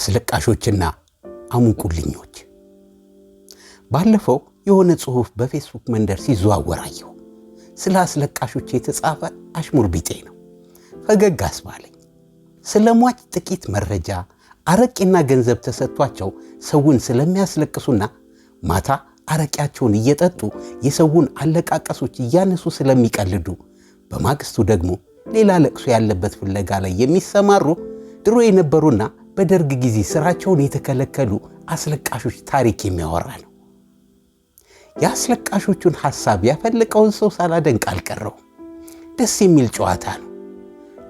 አስለቃሾችና አሙቁልኞች። ባለፈው የሆነ ጽሑፍ በፌስቡክ መንደር ሲዘዋወር አየሁ። ስለ አስለቃሾች የተጻፈ አሽሙር ቢጤ ነው። ፈገግ አስባለኝ። ስለ ሟች ጥቂት መረጃ አረቄና ገንዘብ ተሰጥቷቸው ሰውን ስለሚያስለቅሱና ማታ አረቂያቸውን እየጠጡ የሰውን አለቃቀሶች እያነሱ ስለሚቀልዱ በማግስቱ ደግሞ ሌላ ለቅሶ ያለበት ፍለጋ ላይ የሚሰማሩ ድሮ የነበሩና በደርግ ጊዜ ስራቸውን የተከለከሉ አስለቃሾች ታሪክ የሚያወራ ነው። የአስለቃሾቹን ሐሳብ ያፈለቀውን ሰው ሳላደንቅ አልቀረውም። ደስ የሚል ጨዋታ ነው።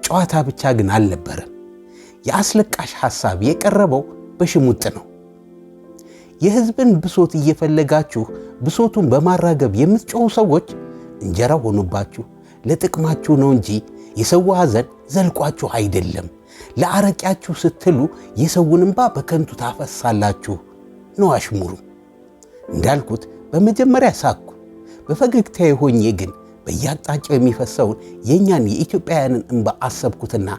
ጨዋታ ብቻ ግን አልነበረም። የአስለቃሽ ሐሳብ የቀረበው በሽሙጥ ነው። የሕዝብን ብሶት እየፈለጋችሁ ብሶቱን በማራገብ የምትጮኹ ሰዎች እንጀራ ሆኑባችሁ። ለጥቅማችሁ ነው እንጂ የሰው ሐዘን ዘልቋችሁ አይደለም። ለአረቂያችሁ ስትሉ የሰውን እንባ በከንቱ ታፈሳላችሁ ነው አሽሙሩ። እንዳልኩት በመጀመሪያ ሳኩ። በፈገግታዬ ሆኜ ግን በየአቅጣጫው የሚፈሰውን የእኛን የኢትዮጵያውያንን እንባ አሰብኩትና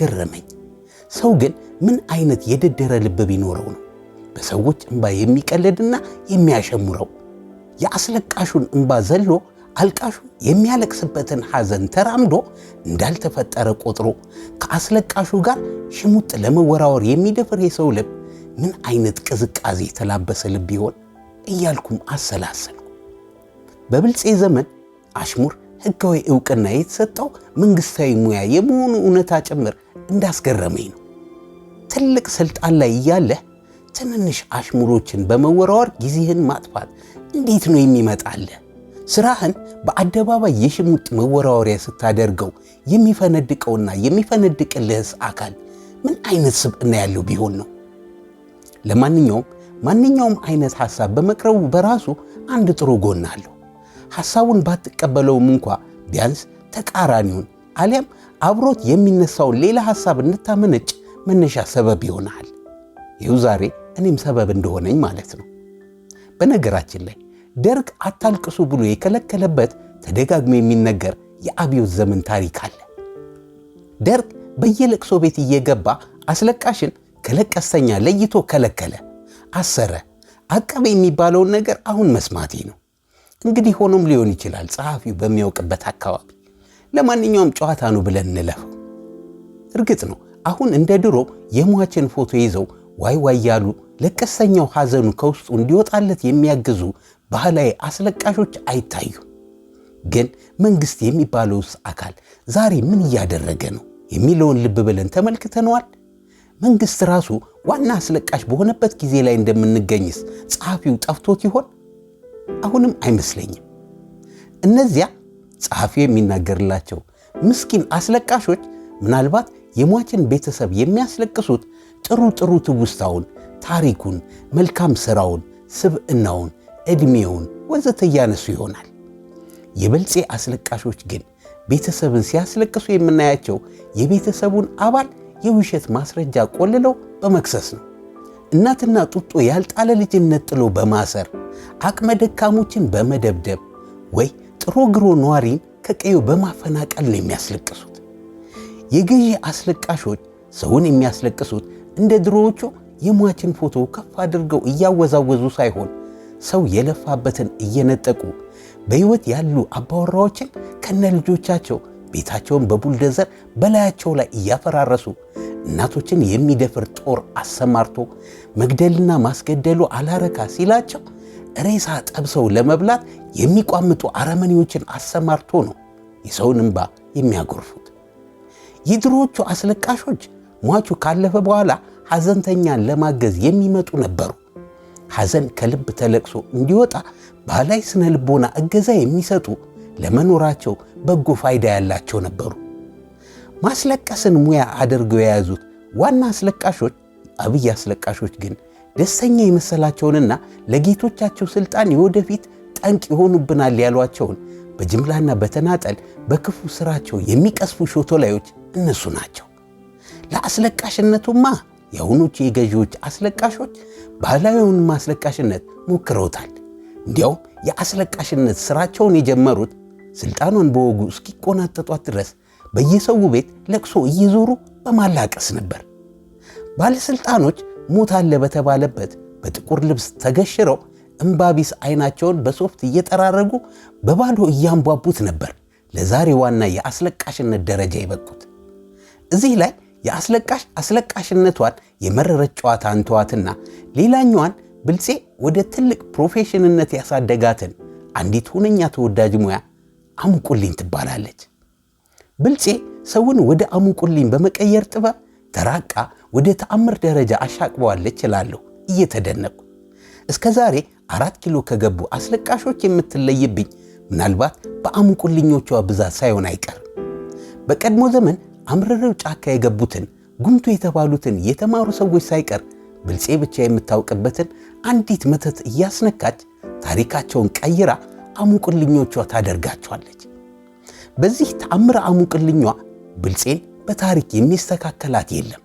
ገረመኝ። ሰው ግን ምን አይነት የደደረ ልብ ቢኖረው ነው በሰዎች እንባ የሚቀለድና የሚያሸሙረው? የአስለቃሹን እንባ ዘሎ አልቃሹ የሚያለቅስበትን ሐዘን ተራምዶ እንዳልተፈጠረ ቆጥሮ ከአስለቃሹ ጋር ሽሙጥ ለመወራወር የሚደፍር የሰው ልብ ምን አይነት ቅዝቃዜ የተላበሰ ልብ ይሆን እያልኩም አሰላሰልኩ። በብልፄ ዘመን አሽሙር ሕጋዊ ዕውቅና የተሰጠው መንግሥታዊ ሙያ የመሆኑ እውነታ ጭምር እንዳስገረመኝ ነው። ትልቅ ስልጣን ላይ እያለህ ትንንሽ አሽሙሮችን በመወራወር ጊዜህን ማጥፋት እንዴት ነው የሚመጣልህ? ስራህን በአደባባይ የሽሙጥ መወራወሪያ ስታደርገው የሚፈነድቀውና የሚፈነድቅልህስ አካል ምን አይነት ስብዕና ያለው ቢሆን ነው? ለማንኛውም ማንኛውም አይነት ሐሳብ በመቅረቡ በራሱ አንድ ጥሩ ጎን አለው። ሐሳቡን ባትቀበለውም እንኳ ቢያንስ ተቃራኒውን አሊያም አብሮት የሚነሳውን ሌላ ሐሳብ እንድታመነጭ መነሻ ሰበብ ይሆናል። ይኸው ዛሬ እኔም ሰበብ እንደሆነኝ ማለት ነው። በነገራችን ላይ ደርግ አታልቅሱ ብሎ የከለከለበት ተደጋግሞ የሚነገር የአብዮት ዘመን ታሪክ አለ። ደርግ በየለቅሶ ቤት እየገባ አስለቃሽን ከለቀሰኛ ለይቶ ከለከለ፣ አሰረ። አቀበ የሚባለውን ነገር አሁን መስማቴ ነው። እንግዲህ ሆኖም ሊሆን ይችላል ጸሐፊው በሚያውቅበት አካባቢ። ለማንኛውም ጨዋታ ነው ብለን እንለፈው። እርግጥ ነው አሁን እንደ ድሮ የሟችን ፎቶ ይዘው ዋይ ዋይ ያሉ ለቀሰኛው ሐዘኑ ከውስጡ እንዲወጣለት የሚያግዙ ባህላዊ አስለቃሾች አይታዩ። ግን መንግሥት የሚባለውስ አካል ዛሬ ምን እያደረገ ነው የሚለውን ልብ ብለን ተመልክተነዋል። መንግሥት ራሱ ዋና አስለቃሽ በሆነበት ጊዜ ላይ እንደምንገኝስ ጸሐፊው ጠፍቶት ይሆን? አሁንም አይመስለኝም። እነዚያ ጸሐፊው የሚናገርላቸው ምስኪን አስለቃሾች ምናልባት የሟችን ቤተሰብ የሚያስለቅሱት ጥሩ ጥሩ ትውስታውን ታሪኩን፣ መልካም ሥራውን፣ ስብዕናውን፣ ዕድሜውን ወዘተ እያነሱ ይሆናል። የበልፄ አስለቃሾች ግን ቤተሰብን ሲያስለቅሱ የምናያቸው የቤተሰቡን አባል የውሸት ማስረጃ ቆልለው በመክሰስ ነው። እናትና ጡጦ ያልጣለ ልጅነት ጥሎ በማሰር አቅመ ደካሞችን በመደብደብ ወይ ጥሮ ግሮ ነዋሪን ከቀዩ በማፈናቀል ነው የሚያስለቅሱት። የገዢ አስለቃሾች ሰውን የሚያስለቅሱት እንደ ድሮዎቹ የሟችን ፎቶ ከፍ አድርገው እያወዛወዙ ሳይሆን ሰው የለፋበትን እየነጠቁ በሕይወት ያሉ አባወራዎችን ከነ ልጆቻቸው ቤታቸውን በቡልደዘር በላያቸው ላይ እያፈራረሱ እናቶችን የሚደፍር ጦር አሰማርቶ መግደልና ማስገደሉ አላረካ ሲላቸው ሬሳ ጠብሰው ለመብላት የሚቋምጡ አረመኔዎችን አሰማርቶ ነው የሰውን እንባ የሚያጎርፉት። የድሮዎቹ አስለቃሾች ሟቹ ካለፈ በኋላ ሐዘንተኛን ለማገዝ የሚመጡ ነበሩ። ሐዘን ከልብ ተለቅሶ እንዲወጣ ባህላዊ ስነ ልቦና እገዛ የሚሰጡ ለመኖራቸው በጎ ፋይዳ ያላቸው ነበሩ። ማስለቀስን ሙያ አድርገው የያዙት ዋና አስለቃሾች አብይ አስለቃሾች ግን ደስተኛ የመሰላቸውንና ለጌቶቻቸው ስልጣን የወደፊት ጠንቅ ይሆኑብናል ያሏቸውን በጅምላና በተናጠል በክፉ ስራቸው የሚቀስፉ ሾቶላዮች እነሱ ናቸው። ለአስለቃሽነቱማ የአሁኖቹ የገዢዎች አስለቃሾች ባህላዊውን ማስለቃሽነት ሞክረውታል። እንዲያውም የአስለቃሽነት ስራቸውን የጀመሩት ስልጣኑን በወጉ እስኪቆናጠጧት ድረስ በየሰው ቤት ለቅሶ እየዞሩ በማላቀስ ነበር። ባለሥልጣኖች ሞት አለ በተባለበት በጥቁር ልብስ ተገሽረው እምባቢስ አይናቸውን በሶፍት እየጠራረጉ በባዶ እያንቧቡት ነበር ለዛሬ ዋና የአስለቃሽነት ደረጃ የበቁት። እዚህ ላይ የአስለቃሽ አስለቃሽነቷን የመረረች ጨዋታ አንተዋትና ሌላኛዋን ብልፄ ወደ ትልቅ ፕሮፌሽንነት ያሳደጋትን አንዲት ሁነኛ ተወዳጅ ሙያ አሙቁልኝ ትባላለች። ብልጼ ሰውን ወደ አሙቁልኝ በመቀየር ጥበብ ተራቃ ወደ ተአምር ደረጃ አሻቅበዋለች እላለሁ እየተደነቁ። እስከ ዛሬ አራት ኪሎ ከገቡ አስለቃሾች የምትለይብኝ ምናልባት በአሙቁልኞቿ ብዛት ሳይሆን አይቀርም። በቀድሞ ዘመን አምርረው ጫካ የገቡትን ጉምቱ የተባሉትን የተማሩ ሰዎች ሳይቀር ብልፄ ብቻ የምታውቅበትን አንዲት መተት እያስነካች ታሪካቸውን ቀይራ አሙቅልኞቿ ታደርጋቸዋለች። በዚህ ተአምረ አሙቅልኟ ብልጼን በታሪክ የሚስተካከላት የለም።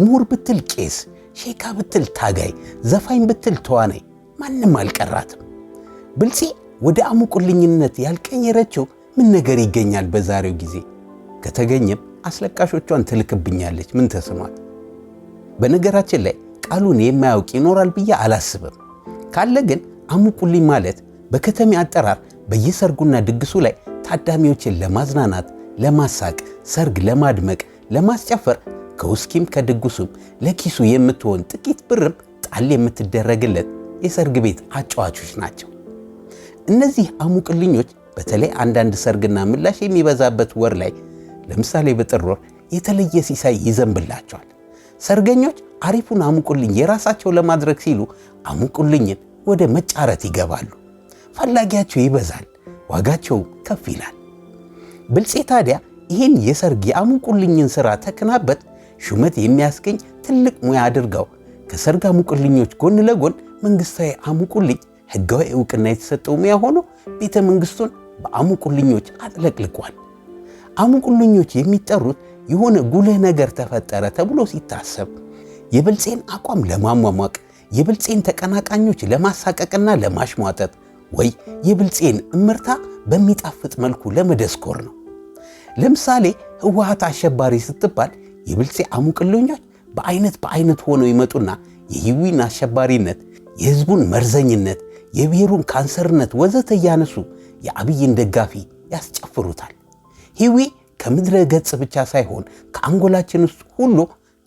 ምሁር ብትል ቄስ፣ ሼካ ብትል ታጋይ፣ ዘፋኝ ብትል ተዋናይ፣ ማንም አልቀራትም። ብልጼ ወደ አሙቁልኝነት ያልቀየረችው ምን ነገር ይገኛል በዛሬው ጊዜ ከተገኘም አስለቃሾቿን ትልክብኛለች። ምን ተስኗል? በነገራችን ላይ ቃሉን የማያውቅ ይኖራል ብዬ አላስብም። ካለ ግን አሙቁልኝ ማለት በከተሜ አጠራር በየሰርጉና ድግሱ ላይ ታዳሚዎችን ለማዝናናት፣ ለማሳቅ፣ ሰርግ ለማድመቅ፣ ለማስጨፈር ከውስኪም ከድግሱም ለኪሱ የምትሆን ጥቂት ብርም ጣል የምትደረግለት የሰርግ ቤት አጫዋቾች ናቸው። እነዚህ አሙቅልኞች በተለይ አንዳንድ ሰርግና ምላሽ የሚበዛበት ወር ላይ ለምሳሌ በጥር ወር የተለየ ሲሳይ ይዘንብላቸዋል። ሰርገኞች አሪፉን አሙቁልኝ የራሳቸው ለማድረግ ሲሉ አሙቁልኝን ወደ መጫረት ይገባሉ። ፈላጊያቸው ይበዛል፣ ዋጋቸውም ከፍ ይላል። ብልጽ ታዲያ ይህን የሰርግ የአሙቁልኝን ሥራ ተክናበት ሹመት የሚያስገኝ ትልቅ ሙያ አድርገው ከሰርግ አሙቁልኞች ጎን ለጎን መንግሥታዊ አሙቁልኝ ሕጋዊ ዕውቅና የተሰጠው ሙያ ሆኖ ቤተ መንግሥቱን በአሙቁልኞች አጥለቅልቋል። አሙቁልኞች የሚጠሩት የሆነ ጉልህ ነገር ተፈጠረ ተብሎ ሲታሰብ የብልጽን አቋም ለማሟሟቅ የብልጽን ተቀናቃኞች ለማሳቀቅና ለማሽሟጠጥ ወይ የብልጽን እምርታ በሚጣፍጥ መልኩ ለመደስኮር ነው። ለምሳሌ ህወሓት አሸባሪ ስትባል የብልጽ አሙቅልኞች በአይነት በአይነት ሆነው ይመጡና የህዊን አሸባሪነት፣ የህዝቡን መርዘኝነት፣ የብሔሩን ካንሰርነት ወዘተ እያነሱ የአብይን ደጋፊ ያስጨፍሩታል። ሂዊ ከምድረ ገጽ ብቻ ሳይሆን ከአንጎላችን ውስጥ ሁሉ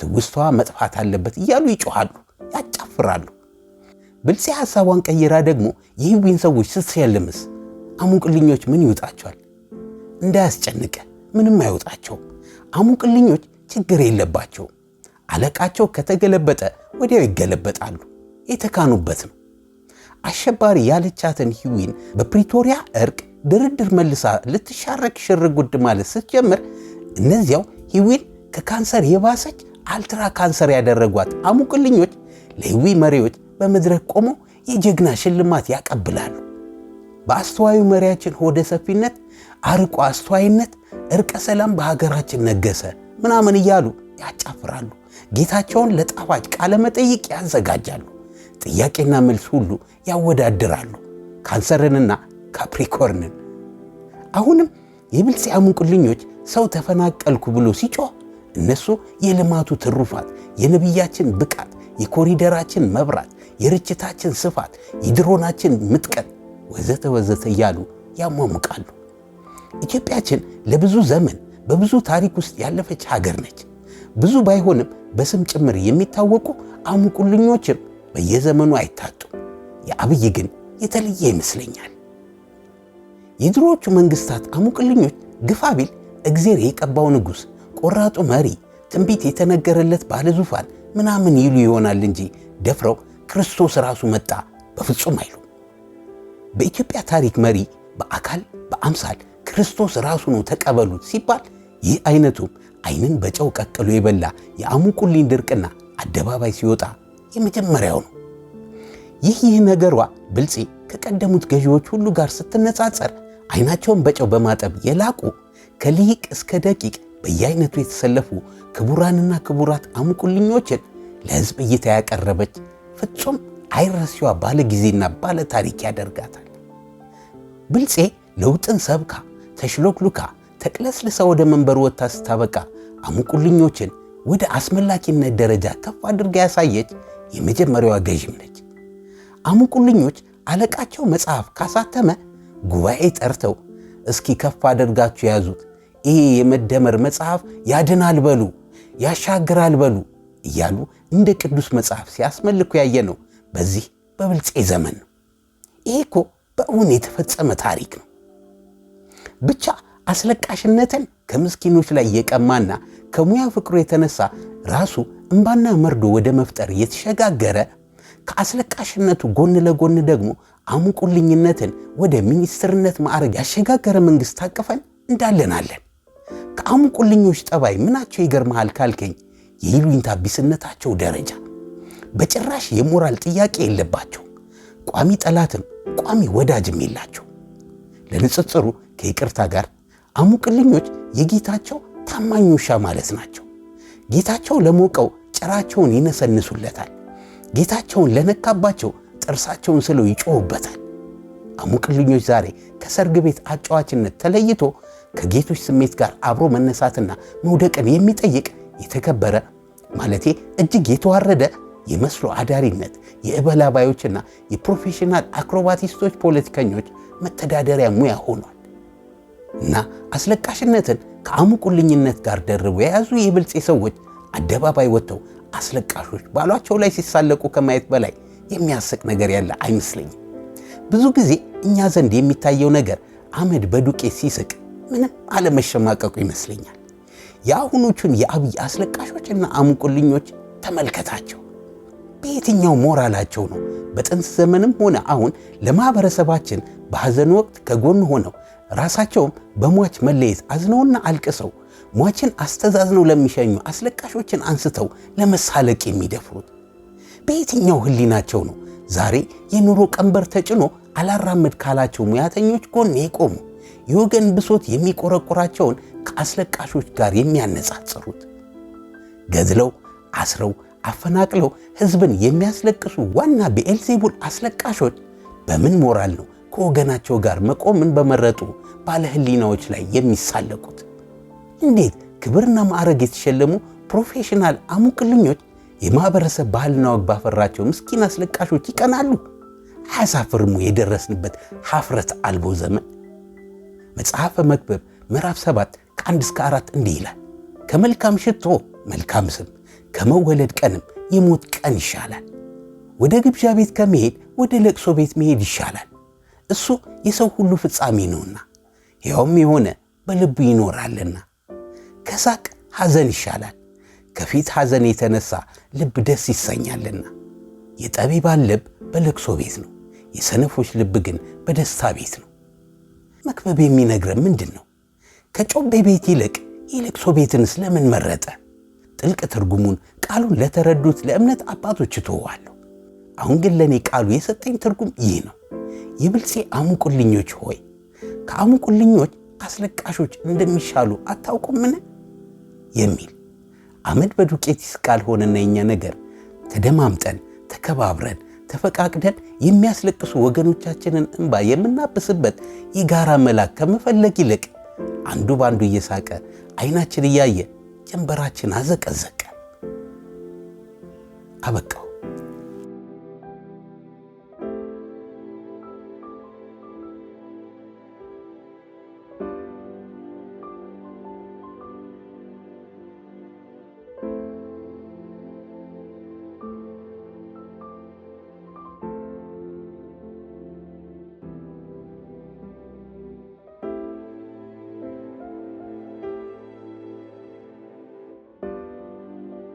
ትውስቷ መጥፋት አለበት እያሉ ይጮኋሉ፣ ያጫፍራሉ። ብልጽ ሐሳቧን ቀይራ ደግሞ የሂዊን ሰዎች ስትሸልምስ አሙቅልኞች ምን ይውጣቸዋል? እንዳያስጨንቀ ምንም አይወጣቸው አሙቅልኞች ችግር የለባቸውም። አለቃቸው ከተገለበጠ ወዲያው ይገለበጣሉ። የተካኑበት ነው። አሸባሪ ያለቻትን ሂዊን በፕሪቶሪያ እርቅ ድርድር መልሳ ልትሻረክ ሽር ጉድ ማለት ስትጀምር እነዚያው ሂዊን ከካንሰር የባሰች አልትራ ካንሰር ያደረጓት አሙቅልኞች ለሂዊ መሪዎች በመድረክ ቆሞ የጀግና ሽልማት ያቀብላሉ። በአስተዋዩ መሪያችን ሆደ ሰፊነት፣ አርቆ አስተዋይነት፣ እርቀ ሰላም በሀገራችን ነገሰ ምናምን እያሉ ያጫፍራሉ። ጌታቸውን ለጣፋጭ ቃለ መጠይቅ ያዘጋጃሉ። ጥያቄና መልስ ሁሉ ያወዳድራሉ። ካንሰርንና ካፕሪኮርንን። አሁንም የብልጽያ ቁልኞች ሰው ተፈናቀልኩ ብሎ ሲጮህ እነሱ የልማቱ ትሩፋት፣ የነቢያችን ብቃት፣ የኮሪደራችን መብራት፣ የርችታችን ስፋት፣ የድሮናችን ምጥቀት ወዘተ ወዘተ እያሉ ያሟሙቃሉ። ኢትዮጵያችን ለብዙ ዘመን በብዙ ታሪክ ውስጥ ያለፈች ሀገር ነች። ብዙ ባይሆንም በስም ጭምር የሚታወቁ አሙቁልኞችም በየዘመኑ አይታጡም። የአብይ ግን የተለየ ይመስለኛል። የድሮዎቹ መንግስታት አሙቅልኞች ግፋ ቢል እግዜር የቀባው ንጉሥ፣ ቆራጡ መሪ፣ ትንቢት የተነገረለት ባለዙፋን ምናምን ይሉ ይሆናል እንጂ ደፍረው ክርስቶስ ራሱ መጣ በፍጹም አይሉ። በኢትዮጵያ ታሪክ መሪ በአካል በአምሳል ክርስቶስ ራሱ ነው ተቀበሉት ሲባል ይህ አይነቱም አይንን በጨው ቀቅሎ የበላ የአሙቁልኝ ድርቅና አደባባይ ሲወጣ የመጀመሪያው ነው። ይህ ይህ ነገሯ ብልፄ ከቀደሙት ገዢዎች ሁሉ ጋር ስትነጻጸር ዓይናቸውን በጨው በማጠብ የላቁ ከሊቅ እስከ ደቂቅ በየአይነቱ የተሰለፉ ክቡራንና ክቡራት አሙቁልኞችን ለሕዝብ እይታ ያቀረበች ፍጹም አይረሴዋ ባለ ጊዜና ባለ ታሪክ ያደርጋታል። ብልፄ ለውጥን ሰብካ ተሽሎክሉካ ተቅለስልሳ ወደ መንበር ወጥታ ስታበቃ አሙቁልኞችን ወደ አስመላኪነት ደረጃ ከፍ አድርጋ ያሳየች የመጀመሪያዋ ገዥም ነች። አሙቁልኞች አለቃቸው መጽሐፍ ካሳተመ ጉባኤ ጠርተው እስኪ ከፍ አድርጋችሁ ያዙት፣ ይሄ የመደመር መጽሐፍ ያድናል በሉ ያሻግራል በሉ እያሉ እንደ ቅዱስ መጽሐፍ ሲያስመልኩ ያየ ነው። በዚህ በብልፄ ዘመን ነው። ይሄ እኮ በእውን የተፈጸመ ታሪክ ነው። ብቻ አስለቃሽነትን ከምስኪኖች ላይ የቀማና ከሙያ ፍቅሩ የተነሳ ራሱ እምባና መርዶ ወደ መፍጠር የተሸጋገረ ከአስለቃሽነቱ ጎን ለጎን ደግሞ አሙቁልኝነትን ወደ ሚኒስትርነት ማዕረግ ያሸጋገረ መንግሥት ታቅፈን እንዳለናለን። ከአሙቁልኞች ጠባይ ምናቸው ይገርመሃል ካልከኝ የይሉኝታ ቢስነታቸው ደረጃ በጭራሽ የሞራል ጥያቄ የለባቸው። ቋሚ ጠላትም ቋሚ ወዳጅም የላቸው። ለንጽጽሩ ከይቅርታ ጋር አሙቅልኞች የጌታቸው ታማኝ ውሻ ማለት ናቸው። ጌታቸው ለሞቀው ጭራቸውን ይነሰንሱለታል። ጌታቸውን ለነካባቸው ጥርሳቸውን ስለው ይጮሁበታል። አሙቅልኞች ዛሬ ከሰርግ ቤት አጫዋችነት ተለይቶ ከጌቶች ስሜት ጋር አብሮ መነሳትና መውደቅን የሚጠይቅ የተከበረ ማለቴ እጅግ የተዋረደ የመስሎ አዳሪነት የእበላባዮችና የፕሮፌሽናል አክሮባቲስቶች ፖለቲከኞች መተዳደሪያ ሙያ ሆኗል እና አስለቃሽነትን ከአሙቁልኝነት ጋር ደርቦ የያዙ የብልጽ ሰዎች አደባባይ ወጥተው አስለቃሾች ባሏቸው ላይ ሲሳለቁ ከማየት በላይ የሚያስቅ ነገር ያለ አይመስለኝም። ብዙ ጊዜ እኛ ዘንድ የሚታየው ነገር አመድ በዱቄት ሲስቅ ምንም አለመሸማቀቁ ይመስለኛል። የአሁኖቹን የአብይ አስለቃሾችና አሙቁልኞች ተመልከታቸው። በየትኛው ሞራላቸው ነው በጥንት ዘመንም ሆነ አሁን ለማኅበረሰባችን በሐዘን ወቅት ከጎን ሆነው ራሳቸውም በሟች መለየት አዝነውና አልቅሰው ሟችን አስተዛዝነው ለሚሸኙ አስለቃሾችን አንስተው ለመሳለቅ የሚደፍሩት? በየትኛው ህሊናቸው ነው ዛሬ የኑሮ ቀንበር ተጭኖ አላራምድ ካላቸው ሙያተኞች ጎን የቆሙ የወገን ብሶት የሚቆረቆራቸውን ከአስለቃሾች ጋር የሚያነጻጽሩት? ገድለው አስረው አፈናቅለው ህዝብን የሚያስለቅሱ ዋና ብኤልዜቡል አስለቃሾች በምን ሞራል ነው ከወገናቸው ጋር መቆምን በመረጡ ባለ ህሊናዎች ላይ የሚሳለቁት? እንዴት ክብርና ማዕረግ የተሸለሙ ፕሮፌሽናል አሙቅልኞች የማህበረሰብ ባህልና ወግ ባፈራቸው ምስኪን አስለቃሾች ይቀናሉ። አያሳፍርሙ የደረስንበት ሀፍረት አልቦ ዘመን። መጽሐፈ መክብብ ምዕራፍ 7 ከአንድ እስከ አራት እንዲህ ይላል። ከመልካም ሽቶ መልካም ስም፣ ከመወለድ ቀንም የሞት ቀን ይሻላል። ወደ ግብዣ ቤት ከመሄድ ወደ ለቅሶ ቤት መሄድ ይሻላል። እሱ የሰው ሁሉ ፍጻሜ ነውና ሕያውም የሆነ በልቡ ይኖራልና። ከሳቅ ሐዘን ይሻላል ከፊት ሐዘን የተነሳ ልብ ደስ ይሰኛልና። የጠቢባን ልብ በለቅሶ ቤት ነው፣ የሰነፎች ልብ ግን በደስታ ቤት ነው። መክበብ የሚነግረን ምንድን ነው? ከጮቤ ቤት ይልቅ የለቅሶ ቤትን ስለምን መረጠ? ጥልቅ ትርጉሙን ቃሉን ለተረዱት ለእምነት አባቶች እተዋለሁ። አሁን ግን ለእኔ ቃሉ የሰጠኝ ትርጉም ይህ ነው። የብልፄ አሙቁልኞች ሆይ ከአሙቁልኞች አስለቃሾች እንደሚሻሉ አታውቁምን? የሚል አመድ በዱቄት ይስቃል ሆነና የኛ ነገር ተደማምጠን ተከባብረን ተፈቃቅደን የሚያስለቅሱ ወገኖቻችንን እንባ የምናብስበት የጋራ መላክ ከመፈለግ ይልቅ አንዱ በአንዱ እየሳቀ አይናችን እያየ ጀንበራችን አዘቀዘቀ። አበቃ።